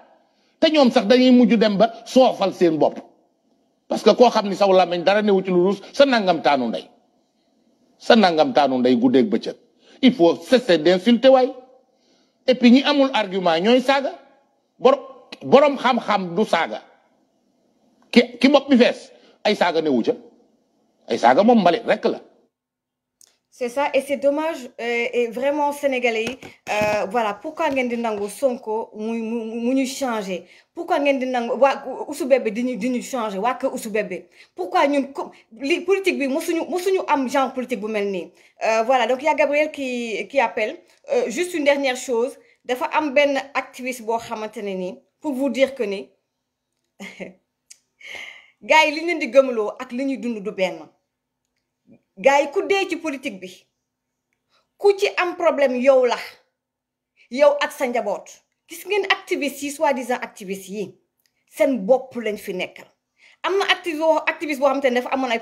té ñom sax dañuy muju dem ba soofal seen bop parce que ko xamni ni saw làmmiñ dara newu ci lu ruus sa nangam taanu nday sa nangam taanu ndey ak bëccëg il faut cesser d'insulter waay et puis ñi amul argument ñoy saga bor borom xam-xam du saga ki ki bopp bi fess ay saga newu ca ay saga moom mbalé rek la c'est ça et c'est dommage euh, et vraiment sénégalais euh, voilà pourquoi ngeen di nangu Sonko mu changé pourquoi ngeen di nangu waa Ousou changé waa pourquoi ñun comme li politique bi mosuñu mosuñu am genre politique bu euh, voilà donc il y a Gabriel qui qui appelle euh, juste une dernière chose dafa am benn activiste boo xamante ne pour vous dire que ni gars yi li ñu leen di gëmloo ak li ñuy dund du benn gars ku ci politique bi ku ci am problème yow la yow ak sa gis ngeen activiste disant activiste yi sen bop lañ fi nekkal amna activiste activiste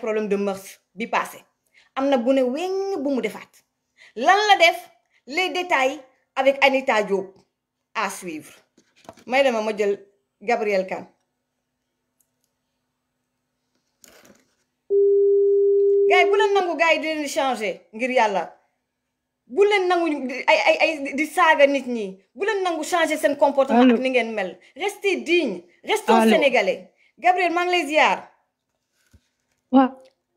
problème de mœurs bi passé amna weng lan la def les détails avec Anita Diop à suivre may ma Gabriel Kahn. gay bu len nangu gay di leen changer ngir yalla bu len nangu ay ay ay di saga nit ñi bu len nangu changer sen comportement ni ngeen mel restez digne restons sénégalais Gabriel mang ngi lay ziar wa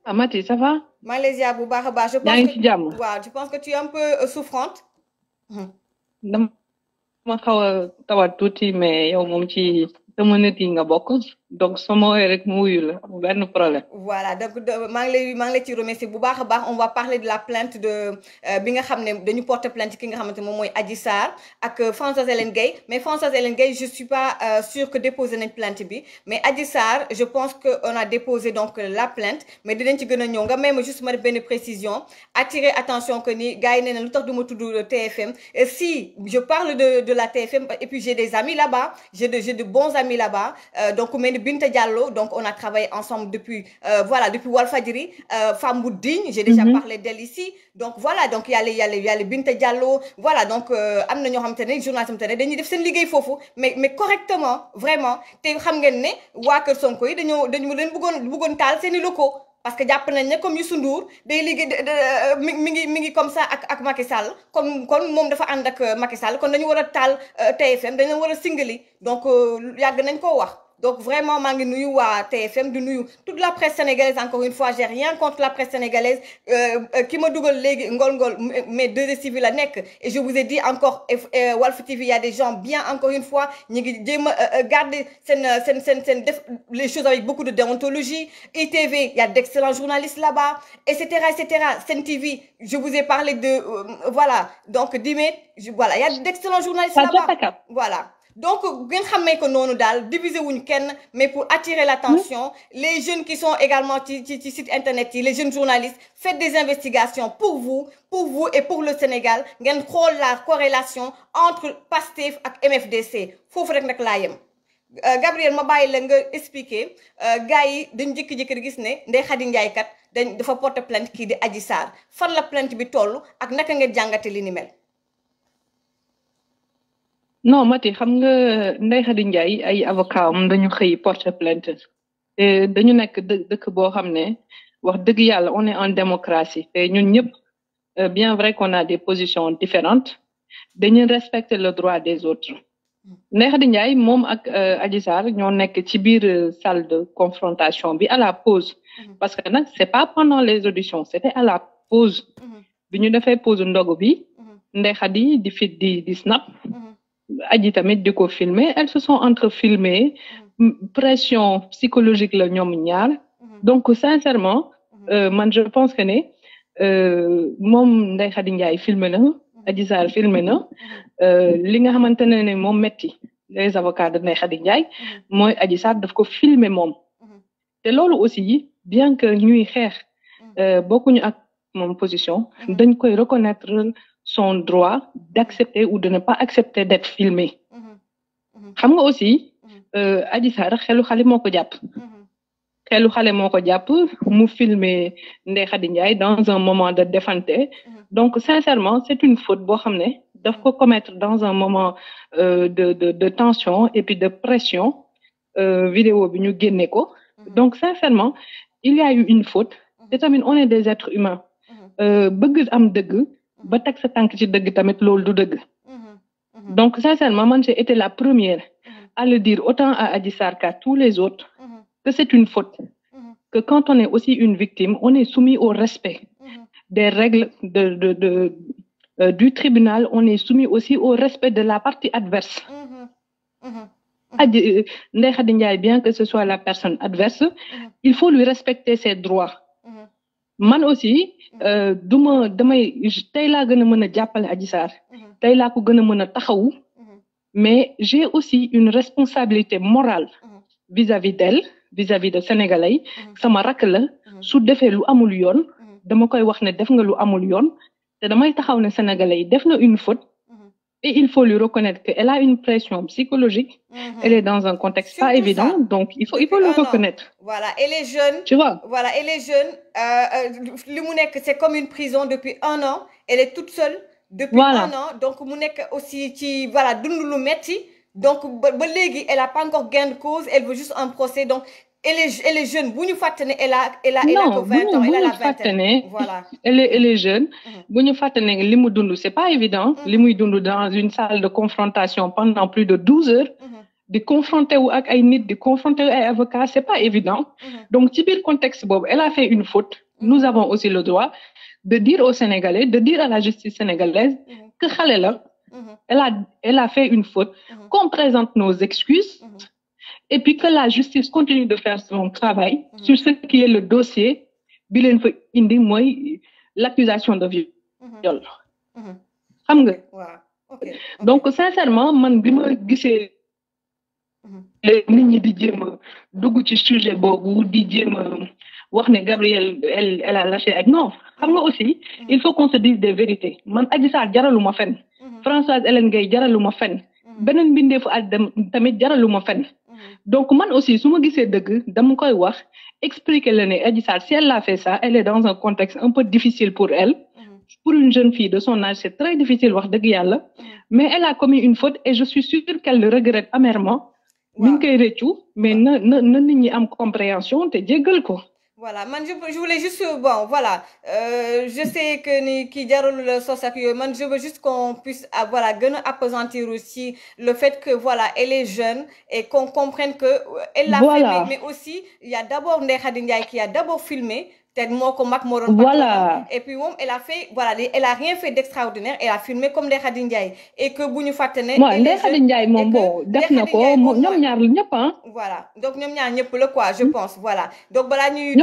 amati ça va Malaisia, bu baax baax je pense que. ngi je pense que tu es un peu euh, souffrante hum. dama xaw a tawat tuuti mais yow mom ci sama nit yi nga bokk donc on va voilà donc je vous on va parler de la plainte de euh, bi nga xam porter plainte ki nga xamante et euh, mais Françoise Hélène je je suis pas euh, sûre que déposer une plainte mais Adissar, je pense qu'on a déposé donc la plainte mais je ci même juste me précision attirer attention que ni gars yi nee du TFM si je parle de la TFM et puis j'ai des amis là-bas j'ai de de bons amis là-bas donc Binta Diallo, donc on a travaillé ensemble depuis, euh, voilà, depuis Walfadiri, euh, femme digne, j'ai déjà mhm. parlé d'elle ici. Donc voilà, donc il y a les, y a les, y a les Binta Diallo, voilà, donc euh, amna ñoo xamantene journaliste xamantene dañuy def seen liggéey fofu mais mais correctement, vraiment. Té xam ngeen né wa Sonko yi dañu dañu leen bëggoon bëggoon taal locaux parce que jàpp nañ comme Youssou Ndour day liggéey euh, mi mi ngi comme ça ak Macky Sall comme kon moom dafa ànd ak euh, Macky Sall kon dañu war a taal TFM dañu war a singali donc y nañ koo wax donc vraiment Manga à à TFM de nouyou, toute la presse sénégalaise encore une fois j'ai rien contre la presse sénégalaise Qui euh, euh, me double les ngol ngol la et je vous ai dit encore Wolf TV il y a des gens bien encore une fois ñu euh, les choses avec beaucoup de déontologie ITV il y a d'excellents journalistes là-bas etc., etc. et TV je vous ai parlé de voilà donc Dimet voilà il y a d'excellents journalistes là-bas voilà donc ngeen xamee que nous diviser mais pour attirer l'attention les jeunes qui sont également sur le site internet les jeunes journalistes faites des investigations pour vous pour vous et pour le Sénégal Vous la corrélation entre PASTEF et MFDC Il rek faire euh, Gabriel ma la nga expliquer euh, gars yi dañ jékki-jékki porter plainte la plainte bi ak non Mati xam nga ndey Khady Ndiaye ay avocat am dañu xey porter plainte euh dañu nek dë dëkk boo xam wax dëgg yalla on est en démocratie te ñun ñëpp euh, bien vrai qu'on a des positions différentes dañu respecter le droit des autres ndey Khady Ndiaye mom ak euh, Adji Sarr ñoo nekk ci biir euh, salle de confrontation bi à la pause mm-hmm. parce que nak c'est pas pendant les auditions c'était à la pause mm-hmm. bi ñu defee pause ndogu bi mm-hmm. ndey Khady di fit di di snap aji elles se sont entrefilmées mm-hmm. pression psychologique la ñom ñaar mm-hmm. donc sincèrement mm-hmm. euh, je pense que euh filmer na euh, li nga les avocats de aussi bien que ñuy euh, bokku ak position dañ koy reconnaître son droit d'accepter ou de ne pas accepter d'être filmé. Mhm. Mhm. xam nga aussi mhm. euh, Adji Sarr xelu xale moo ko jàpp. xelu xale moko japp mu filmer Ndeye Khady Ndiaye dans un moment de défanté donc sincèrement c'est une faute pour xamné daf ko commettre dans un moment euh, de de de tension et puis de pression euh, vidéo bi ñu ko donc sincèrement il y a eu une faute C'est-à-dire, on est des êtres humains euh, bëgg am dëgg ba sa tànk ci mm-hmm. donc sincèrement j'ai été la première mm-hmm. à le dire autant à Adji tous les autres mm-hmm. que c'est une faute que quand on est aussi une victime on est soumis au respect des règles de de de euh, du tribunal on est soumis aussi au respect de la partie adverse Adji euh, Ndeye Khady bien que ce soit la personne adverse il faut lui respecter ses droits man aussi mhm. euh, je damay mhm. mhm. mais j'ai aussi une responsabilité morale vis-à-vis d'elle vis-à-vis de sénégalais Ça sama rak la su défé lu amul yoon dama koy wax sénégalais une faute et il faut lui reconnaître qu'elle a une pression psychologique. Mhm. Elle est dans un contexte pas évident, donc il faut il faut le reconnaître. Voilà. Et les jeunes. Tu vois. Voilà. Et les jeunes. Euh, euh, Mounek, c'est comme une prison depuis un an. Elle est toute seule depuis un an. Donc Mounek aussi qui voilà d'où Donc elle a pas encore gain de cause. Elle veut juste un procès. Donc et les, et les jeunes, vous nous fattenez, elle a, elle a, elle a 20 ans, elle a la vingtaine. Voilà. Elle est, elle est jeune. Mhm. Vous nous fattenez, l'imudoundou, c'est pas évident. Mhm. L'imudoundou dans une salle de confrontation pendant plus de 12 heures. Mhm. de confronter ou avec un de confronter un avocat, c'est pas évident. Donc, dans le contexte bob, elle a fait une faute. Nous avons aussi le droit de dire aux Sénégalais, de dire à la justice sénégalaise que Khalela, elle a, elle a fait une faute, qu'on présente nos excuses, et puis que la justice continue de faire son travail mm. sur ce qui est le dossier bi leen fa indi moy l'accusation de viol mm-hmm. Mm-hmm. xam nga donc sincèrement man bi ma mm-hmm. les nit ñi di jëm dugg ci sujet bobu di jëm wax ne gabriel elle elle a lâché ak non xam nga aussi il faut qu'on se dise des vérités man Adji Sarr jaraluma fen Françoise Hélène Gaye jaraluma fen beneen mbindeefu at tamit jaraluma fen donc moi aussi de wax expliquer si elle a fait ça elle est dans un contexte un peu difficile pour elle mhm. pour une jeune fille de son âge c'est très difficile wax dëgg mhm. mais elle a commis une faute et je suis sûre qu'elle le regrette amèrement mais na nit compréhension voilà je voulais juste bon voilà euh, je sais que ni je veux juste qu'on puisse avoir ah, voilà aussi le fait que voilà elle est jeune et qu'on comprenne que. Euh, elle l'a mais aussi il y a d'abord Ndeye qui a d'abord filmé tellement comme Mac Moron voilà et puis elle a fait voilà elle a rien fait d'extraordinaire elle a filmé comme les Khady et que vous nous faites Les bon d'accord. Hein. voilà donc ñaar ñëpp le quoi je hmm. pense voilà. donc voilà, ñuy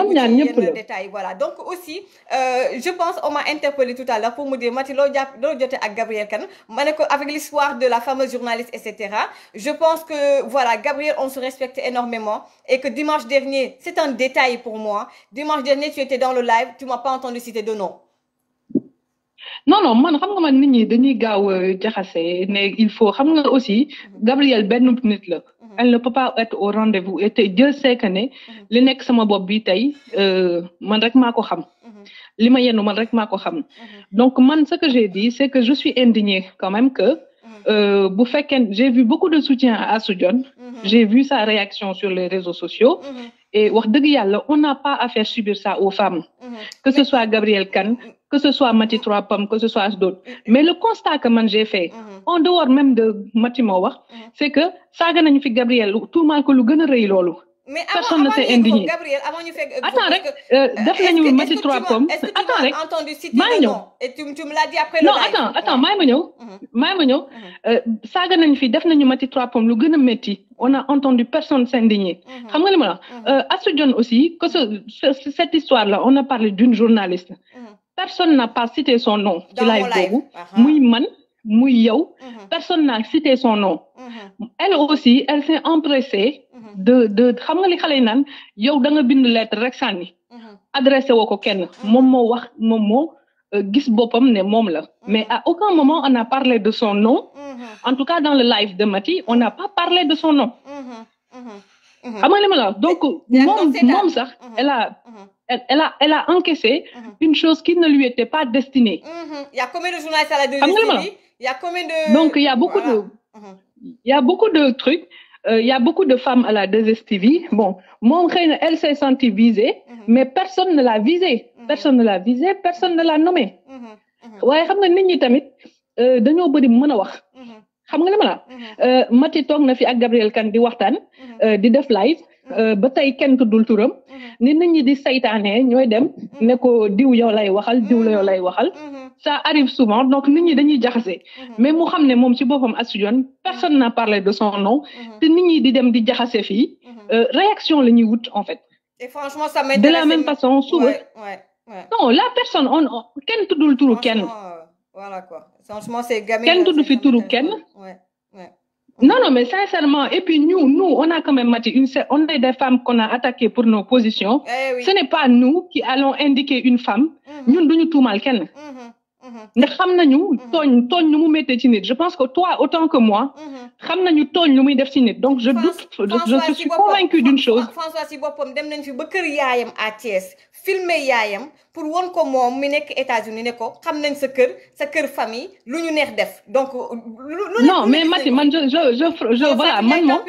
détail voilà donc aussi euh, je pense on m'a interpellé tout à l'heure pour me dire Mathilde avec ak avec l'histoire de la fameuse journaliste etc. je pense que voilà Gabriel, on se respecte énormément et que dimanche dernier c'est un détail pour moi dimanche dernier. tu tu étais dans le live, tu m'as pas entendu citer de nom. non non man xam nga man nit ñi dañuy gaaw euh, ne il faut xam nga aussi mhm. Gabriel benn mhm. elle ne peut pas être au rendez-vous et tey Dieu sait que est mhm. li nekk sama a bi tey euh, man rek xam li ma yenn man rek donc man ce que j'ai dit c'est que je suis indignée quand même que euh, bu j'ai vu beaucoup de soutien à Soudjon. j'ai vu sa réaction sur les réseaux sociaux et on n'a pas à faire subir ça aux femmes, mm-hmm. que ce soit Gabriel Kane mm-hmm. que ce soit Mati Trois que ce soit d'autres. Mm-hmm. Mais le constat que moi j'ai fait, en dehors même de Mati c'est que ça a Gabriel, tout mal que le mais personne ne s'est indigné Gabriel avant ñu fekk. attends rek euh, def nañu ma ci trois pommes. attends rek maa et tu tu me l'as dit après. non attends attends maa ma ñëw. Mhm. maa ma ñëw mhm. euh, saaga nañu fi def nañu ma ci trois pommes lu gën on a entendu personne s'indigner. Mhm. xam nga li ma la wax. Euh, Astou Dione aussi que ce cette histoire là on a parlé d'une journaliste. personne n'a pas cité son nom. de live boobu muy man. muy yow. personne n'a cité son nom. elle aussi elle s'est empressée de de xam nga li xale nan yow da nga bind lettre rek sanni mhm. adressé woo ko kenn mom mo wax mom mo euh, gis bopam ne mom la. Mhm. mais à aucun moment on a parlé de son nom. Mhm. en tout cas dans le live de Mati on n'a pas parlé de son nom. xam nga li ma la donc euh, mom moom sax elle a. Elle a, elle a encaissé une chose qui ne lui était pas destinée. Il y a combien de journalistes à la deuxième Il y a combien de... Donc, il y a beaucoup de... Il y a beaucoup de trucs. Euh, il y a beaucoup de femmes à la 2 Bon, mon reine, elle s'est sentie visée, mhm. mais personne ne l'a visée. Mhm. Personne ne l'a visée, personne ne l'a nommée. Mhm. waaye xam nga nit ñi tamit euh, dañoo bëri mën a wax xam nga li ma la euh, Mati toog na fi ak Gabriel Kane di waxtaan di def live euh, ba tay kenn tuddul turam mm-hmm. ni nit ñi di saytaane ñooy dem mm-hmm. ne ko diw yow lay waxal diw la yow lay waxal mm-hmm. ça arrive souvent donc nit ñi dañuy jaxase mais mu xam ne moom ci boppam Astou personne n'a parlé de son nom te nit ñi di dem di jaxase fii euh, réaction la ñuy en fait. et franchement ça m'intéresse de la même façon souvent, non la personne on kenn tuddul turu kenn. Euh, voilà quoi franchement c'est gamin. kenn tudd fi turu kenn. Non, non, mais sincèrement, et puis nous, nous, on a quand même, une, on est des femmes qu'on a attaquées pour nos positions. Eh Ce n'est pas nous qui allons indiquer une femme. Nous, nous, tout mal ndax xam nañu nous mm-hmm. tooñ nu nous nous ci nit je pense que toi autant que moi mm-hmm. xam nañu que nous muy def ci nit donc je doute je, je suis convaincue d'une chose François si filmer yayam pour won ko mom mi nek États-Unis ne ko xam nañ sa kër sa kër famille luñu neex def donc. Euh, lu non mais Mati man je je je je voilà man moom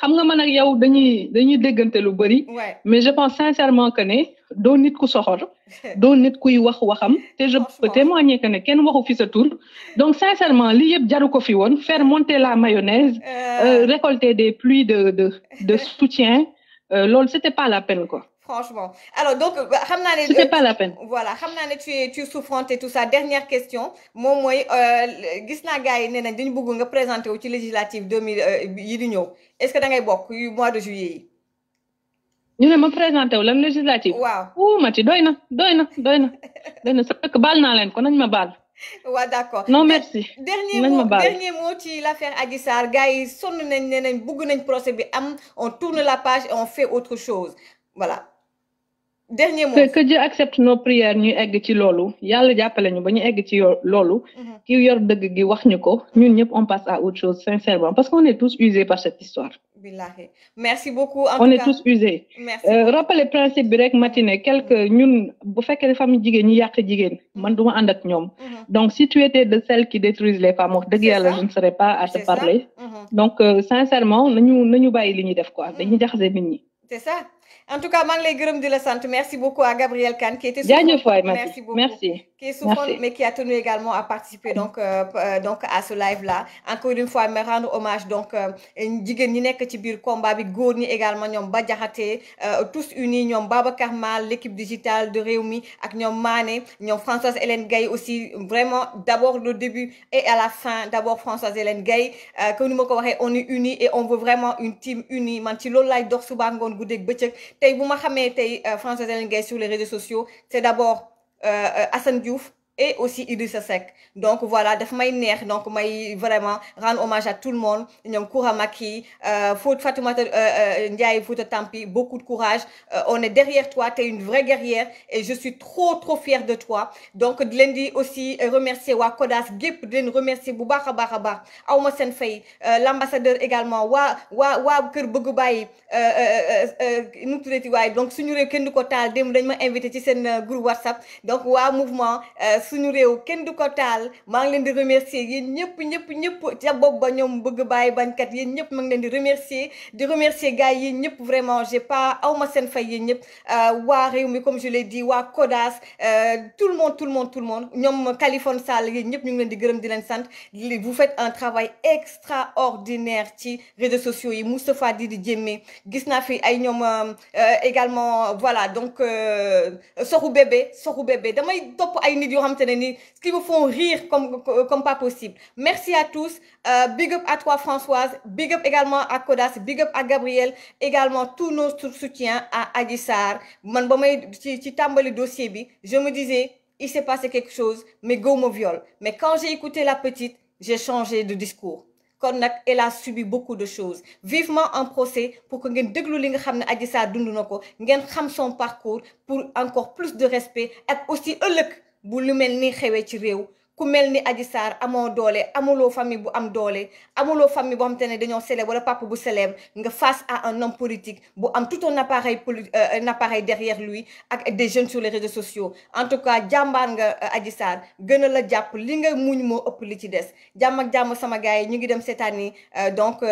xam nga man ak yow dañuy dañuy déggante lu bari mais je pense sincèrement que né do nit ku soxor do nit kuy wax waxam te je peux témoigner que né kenn waxu fi sa tour. donc sincèrement li yeb jaru ko fi won faire monter la mayonnaise. Euh. Euh, récolter des pluies de de de soutien L'ol c'était pas la peine quoi. Franchement. Alors, donc, bah, Hamnane. C'était pas la peine. Voilà. Hamnane, tu es, tu es souffrante et tout ça. Dernière question. Moi, moi, euh, Gisna Gaye, Nena, d'une bougon, présenté au législative 2000, euh, Est-ce que tu as beaucoup, mois de juillet? ñu ne ma présenté wu lam législative. waaw wuu doyna, doyna. Doyna, na doy na doy na doy na sax baal naa leen ko nañ ma bal. waaw d'accord. non merci. Euh, dernier mot dernier mot ci l'affaire Adissar. Adji Sarr gars yi nañ nañ procès bi am on tourne la page et on fait autre chose voilà dernier mot que Dieu accepte nos prières ñu egg ci lolu yalla jappalé ñu ba ñu egg ci lolu mhm. ki yor deug gi wax ñuko ñun ñep on passe à autre chose sincèrement parce qu'on est tous usés par cette histoire. billahi merci beaucoup. on est tous usés. merci euh, rappeler principe bi rek matinée quelque mhm. ñun bu féké les femmes jigen ñi yàq jigen mhm. man duma ànd ak donc si tu étais de celles qui détruisent les femmes deug yalla je ne serais pas à te parler. donc euh, sincèrement nañu nañu bayyi li ñuy def quoi dañu jaxé nit ñi. c'est ça. En tout cas, de La Santé, Merci beaucoup à Gabriel Kahn qui était sur Merci beaucoup. Merci qui est souvent, mais qui a tenu également à participer donc, euh, euh, donc à ce live-là. Encore une fois, me rendre hommage donc euh, jigéen ñi nekk ci biir combat bi góor ñi également ñoom ba jaxatee tous unis ñoom Babacar Mal l'équipe digitale de Rewmi ak ñoom Mané nous, Françoise Hélène Gaye aussi vraiment d'abord le début et à la fin d'abord Françoise Hélène Gaye que nous ma ko on est unis et on veut vraiment une team unie man ci loolu laay dox suba ngoon guddeeg bëccëg tey Françoise Hélène Gaye sur les réseaux sociaux c'est d'abord euh, euh, Hassan Diouf et aussi Idrissa Seck donc voilà daf may donc may vraiment rendre hommage à tout le monde ñoom Koura Maki euh, Fouta Fatoumata euh, euh, Ndiaye Fouta Tampi beaucoup de courage on est derrière toi tu es une vraie guerrière et je suis trop trop fière de toi donc di aussi remercier wa CODAS gépp di remercier bu baraba a baax l'ambassadeur également wa wa wa kër bëgg bàyyi donc suñu nous, kenn du ko taal démb dañ ma groupe WhatsApp donc wa mouvement suñu réew kenn du ko taal maa ngi leen di remercier yéen ñëpp ñëpp ñëpp ca bopp ba ñoom bëgg bàyyi bañkat yéen ñëpp maa ngi leen di remercier di remercier gars yi yéen ñëpp vraiment j'ai pas aw ma seen fay yéen ñëpp euh, waa réew mi comme je l'ai dit waa CODAS euh, tout le monde tout le monde tout le monde ñoom Kaliphone Sall yéen ñëpp ñu ngi leen di gërëm di leen sant vous faites un travail extraordinaire ci réseaux sociaux yi Moustapha Didi Diémé gis naa fi ay ñoom euh, également voilà donc soxu bébé soxu bébé damay topp ay nit yoo xam ce qui vous font rire comme comme pas possible merci à tous euh, big up à toi Françoise big up également à Kodas big up à Gabriel également tous nos soutiens à Adji dossier je me disais il s'est passé quelque chose mais go mon viol mais quand j'ai écouté la petite j'ai changé de discours elle a subi beaucoup de choses vivement en procès pour que vous son parcours pour encore plus de respect et aussi ëllëg bu lu ni xewé ci réew ku mel ni Adji Sarr amo doolé amulo famille bu am doolé amulo famille bu xam tane ne célèbre wala papa bu célèbre nga face à un homme politique bu am tout un appareil euh, euh, un appareil derrière lui ak des jeunes sur les réseaux sociaux en tout cas jàmbaar nga euh, Adji Sarr gën la japp li nga muñ mo upp li ci n'y jam ak jam sama gaay ñu ngi dem cette année donc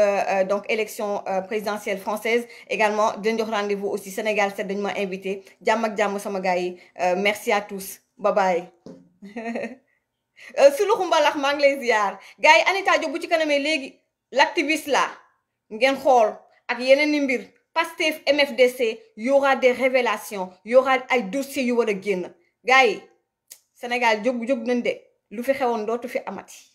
donc élection présidentielle française également dañ jox rendez-vous aussi Sénégal c'est dañu ma invité jam ak jam sama gaay merci à tous Bye-bye. vous euh, mbalax lay ziar Anita ci l'activiste la ngeen xol ak yeneen Pastef MFDC y aura des révélations y aura ay dossiers yu war guen Sénégal vous de lu fi Vous fi amati